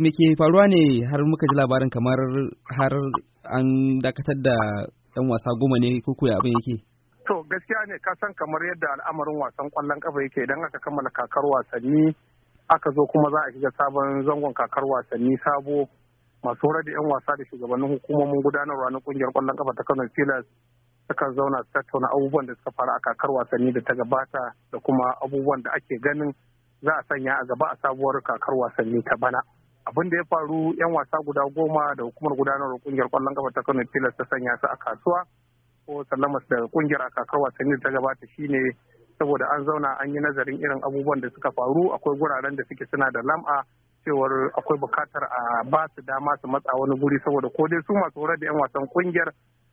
me ke faruwa ne har muka ji labarin kamar har an dakatar da ɗan wasa goma ne kuku koya abin yake to gaskiya ne ka san kamar yadda al'amarin wasan kwallon kafa yake idan aka kammala kakar wasanni aka zo kuma za a shiga sabon zangon kakar wasanni sabo masu horar da 'yan wasa da shugabannin hukumomin gudanarwa na kungiyar kwallon kafa ta kano silas sukan zauna su tattauna abubuwan da suka faru a kakar wasanni da ta gabata da kuma abubuwan da ake ganin za a sanya a gaba a sabuwar kakar wasanni ta bana abin da ya faru yan wasa guda goma da hukumar gudanarwa kungiyar kwallon kafa ta kano tilas ta sanya su a kasuwa ko su daga kungiyar a kakar wasanni ta gabata shine saboda an zauna an yi nazarin irin abubuwan da suka faru akwai guraren da suke suna da lam'a cewar akwai bukatar a ba su dama su matsa wani guri saboda ko dai su masu horar da yan wasan kungiyar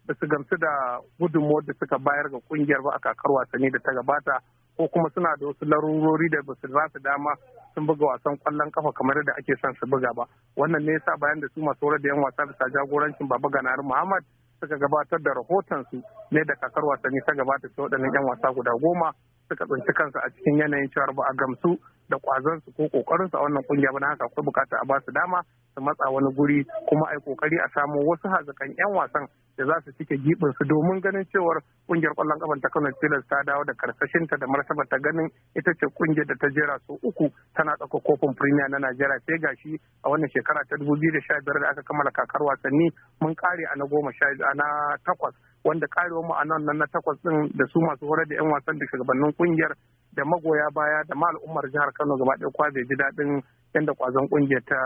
ba su gamsu da gudunmuwar da suka bayar ga kungiyar ba a kakar wasanni da ta gabata ko kuma suna da wasu larurori da ba su su dama sun buga wasan kwallon kafa kamar da ake son su buga ba wannan ne yasa bayan da su masu horar da yan wasa bisa jagorancin baba ganar muhammad suka gabatar da rahoton su ne da kakar wasanni ta gabata ta waɗannan yan wasa guda goma suka tsinci kansu a cikin yanayin cewar ba a gamsu da kwazon ko kokarin su a wannan kungiya ba na haka akwai bukata a basu dama su matsa wani guri kuma ai kokari a samu wasu hazakan yan wasan da za su cike gibin su domin ganin cewar kungiyar kwallon kafan ta Kano Steelers ta dawo da karsashinta da martaba ta ganin ita ce kungiyar da ta jera su uku tana tsaka kofin Premier na Najeriya sai gashi a wannan shekara ta 2015 da aka kammala kakar wasanni mun kare a na goma sha na takwas wanda karewar ma'anan nan na takwas din da su masu horar da 'yan wasan da shugabannin kungiyar da magoya baya da ma al'ummar jihar Kano gaba ɗaya kwa bai ji daɗin yadda kwazon kungiyar ta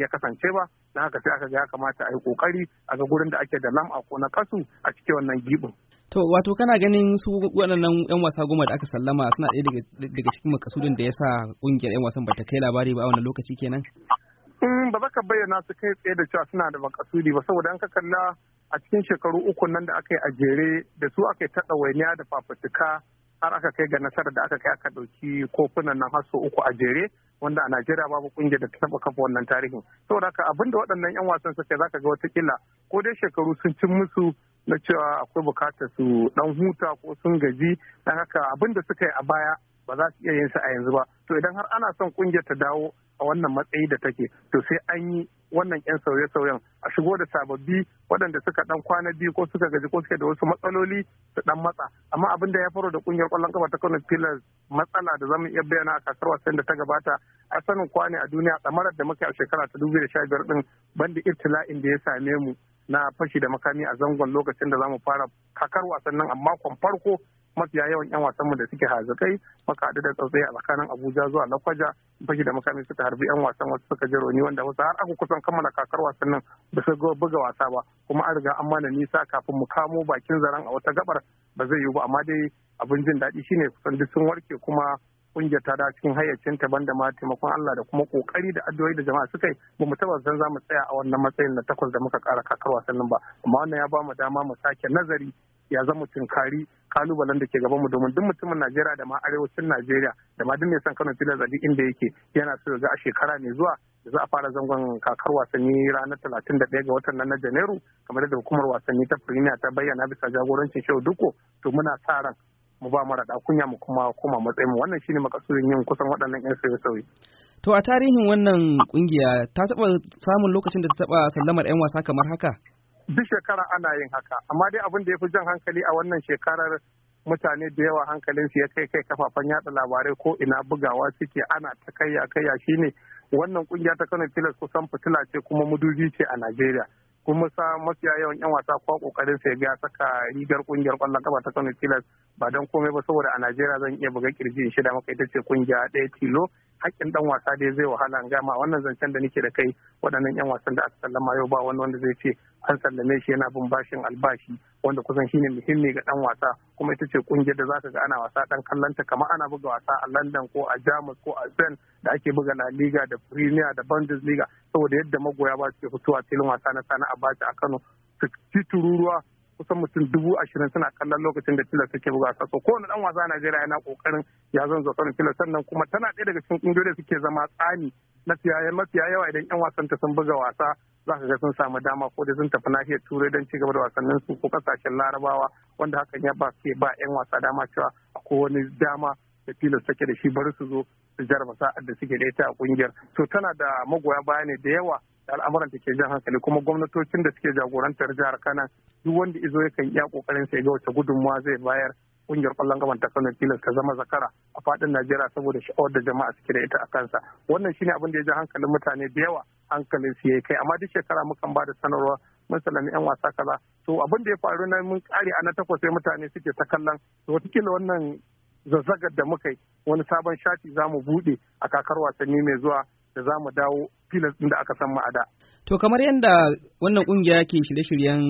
ya kasance ba don haka sai aka ga ya kamata a yi kokari a ga gurin da ake da a ko na kasu a cikin wannan gibin. To wato kana ganin su waɗannan 'yan wasa goma da aka sallama suna ɗaya daga cikin makasudin da ya sa ƙungiyar 'yan wasan ba ta kai labari ba a wannan lokaci kenan? in mm, ba za ka bayyana su kai tsaye da cewa suna da makasudi ba saboda an ka kalla a cikin shekaru uku nan da aka yi a jere da su aka yi ta ɗawainiya da fafutuka har aka kai ga nasarar da aka kai aka ɗauki kofunan nan har uku a jere wanda a Najeriya babu kungiyar da ta taɓa kafa wannan tarihin. Saboda haka abin da waɗannan 'yan wasan za ka ga watakila ko dai shekaru sun cin musu na cewa akwai bukatar su ɗan huta ko sun gaji dan haka abin da suka yi a baya ba za su iya yin sa a yanzu ba to idan har ana son kungiyar ta dawo a wannan matsayi da take to sai an yi wannan 'yan sauye-sauyen a shigo da sababbi waɗanda suka ɗan kwana biyu ko suka gaji ko suke da wasu matsaloli su ɗan matsa amma abin da ya faro da ƙungiyar ƙwallon kafa ta Kano Pillars matsala da zamu iya bayyana a kakar wasan da ta gabata a sanin kwane a duniya tsamarar da muke a shekara ta dubu da sha biyar ɗin banda ibtila'in da ya same mu na fashi da makami a zangon lokacin da zamu fara kakar wasannin amma a farko mafiya yawan 'yan wasanmu da suke hazakai muka haɗu da tsautsayi a tsakanin abuja zuwa lakwaja fashi da makami suka harbi 'yan wasan wasu suka ji rauni wanda wasu har aka kusan kammala kakar wasannin ba su buga wasa ba kuma an riga an mana nisa kafin mu kamo bakin zaren a wata gabar ba zai yiwu ba amma dai abin jin daɗi shine kusan duk sun warke kuma kungiyar ta da cikin hayyacin ta banda ma taimakon Allah da kuma kokari da addu'o'i da jama'a suka yi ba mu taba san za mu tsaya a wannan matsayin na takwas da muka kara kakar wasannin ba amma wannan ya ba mu dama mu sake nazari ya zama tunkari kalubalen da ke gabanmu domin duk mutumin Najeriya da ma arewacin Najeriya da ma duk mai son Kano Pilas a duk inda yake yana so ga a shekara ne zuwa da za a fara zangon kakar wasanni ranar talatin da ga watan nan na Janairu kamar yadda hukumar wasanni ta Premier ta bayyana bisa jagorancin Shehu Duko to muna sa ran mu ba mara da kunya mu kuma koma matsayin wannan shine makasurin yin kusan waɗannan yan sauye-sauye. To a tarihin wannan kungiya ta taba samun lokacin da ta taba sallamar 'yan wasa kamar haka? duk shekara ana yin haka amma dai abin da ya fi jan hankali a wannan shekarar mutane da yawa hankalin su ya kai kai kafafen yada labarai ko ina bugawa suke ana ta kayya kayya shine wannan kungiya ta kano pilas kusan fitila ce kuma mudubi ce a najeriya kuma sa mafiya yawan yan wasa ko kokarin sai ga saka rigar kungiyar kwallon kafa ta kano pilas ba don komai ba saboda a najeriya zan iya buga kirji in shida maka ita ce kungiya ɗaya tilo hakkin ɗan wasa dai zai wahala an gama wannan zancen da nake da kai waɗannan yan wasan da aka sallama yau ba wani wanda zai ce an sallame shi yana bin bashin albashi wanda kusan shine muhimmi ga ɗan wasa kuma ita ce ƙungiyar da zaka ga ana wasa dan kallanta kamar ana buga wasa a London ko a Jamus ko a Spain da ake buga La Liga da Premier da liga saboda yadda magoya ba su ke fitowa filin wasa na sana a a Kano su ci tururuwa kusan mutum dubu ashirin suna kallon lokacin da tilas ke buga wasa Ko kowane dan wasa najeriya yana kokarin ya zan zo sanin tilas sannan kuma tana ɗaya daga cikin ƙungiyoyi da suke zama tsani mafiya yawa idan yan wasan ta sun buga wasa za ka ga sun samu dama ko da sun tafi nahiyar turai don cigaba da wasannin su ko kasashen larabawa wanda hakan ya ba su ba yan wasa dama cewa akwai wani dama da tilas take da shi bari su zo su jarraba sa'ad da suke da ita a kungiyar to tana da magoya baya ne da yawa al'amuran da ke jan hankali kuma gwamnatocin da suke jagorantar jihar Kano duk wanda izo ya kan iya kokarin sai ga wata gudunmawa zai bayar kungiyar kwallon gaban ta Kano tilas ka zama zakara a fadin Najeriya saboda sha'awar da jama'a suke da ita a kansa wannan shine abin da ya jan hankalin mutane da yawa hankalin su yayi kai amma duk shekara mukan ba da sanarwa mun yan wasa kaza to abin da ya faru na mun kare a na takwas sai mutane suke ta kallon to wataƙila wannan zazzagar da muka yi wani sabon shafi za mu buɗe a kakar wasanni mai zuwa da za mu dawo filas ɗin da aka san ma'ada. To kamar yadda wannan ƙungiya ke shirye-shiryen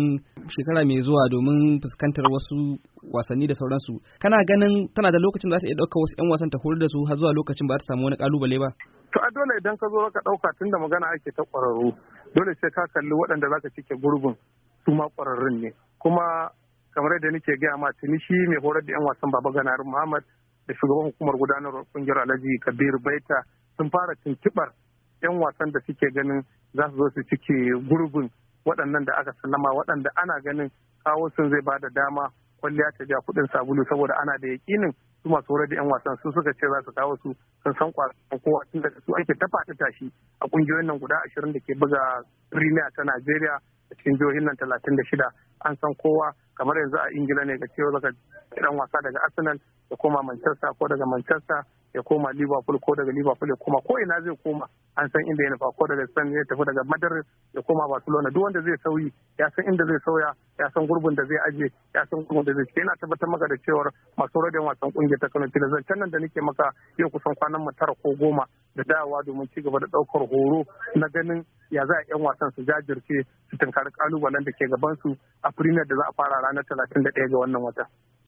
shekara mai zuwa domin fuskantar wasu wasanni da sauransu, kana ganin tana da lokacin da za ta iya ɗauka wasu 'yan wasan ta horar da su har zuwa lokacin ba ta samu wani ƙalubale ba? To a dole idan ka zo ka ɗauka tun da magana ake ta ƙwararru, dole sai ka kalli waɗanda za ka cike gurbin su ma ƙwararrun ne. Kuma kamar yadda nake gaya ma tuni shi mai horar da 'yan wasan Baba Ganar Muhammad da shugaban hukumar gudanarwar ƙungiyar Alhaji Kabir Baita sun fara tuntubar 'yan wasan da suke ganin za su zo su cike gurbin waɗannan da aka sallama waɗanda ana ganin kawo sun zai ba da dama kwalliya ta ja kuɗin sabulu saboda ana da yaƙinin su masu horar da 'yan wasan su suka ce za su kawo su sun san kwasan kowa tun daga su ake tafa ta tashi a ƙungiyoyin nan guda ashirin da ke buga premier ta Najeriya a cikin jihohin nan talatin da shida an san kowa kamar yanzu a Ingila ne ga cewa daga ɗan wasa daga Arsenal da kuma Manchester ko daga Manchester ya koma liverpool ko daga liverpool ya koma ko ina zai koma an san inda ya nufa ko daga spain ya tafi daga madrid ya koma barcelona duk wanda zai sauyi ya san inda zai sauya ya san gurbin da zai aje ya san gurbin da zai ce yana tabbatar maka da cewar masu rodin wasan kungiyar ta kano da zancen nan da nake maka yau kusan kwanan mu tara ko goma da dawowa domin ci gaba da daukar horo na ganin ya za a yan wasan su jajirce su tunkari kalubalen da ke gaban su a premier da za a fara ranar talatin da ɗaya ga wannan wata.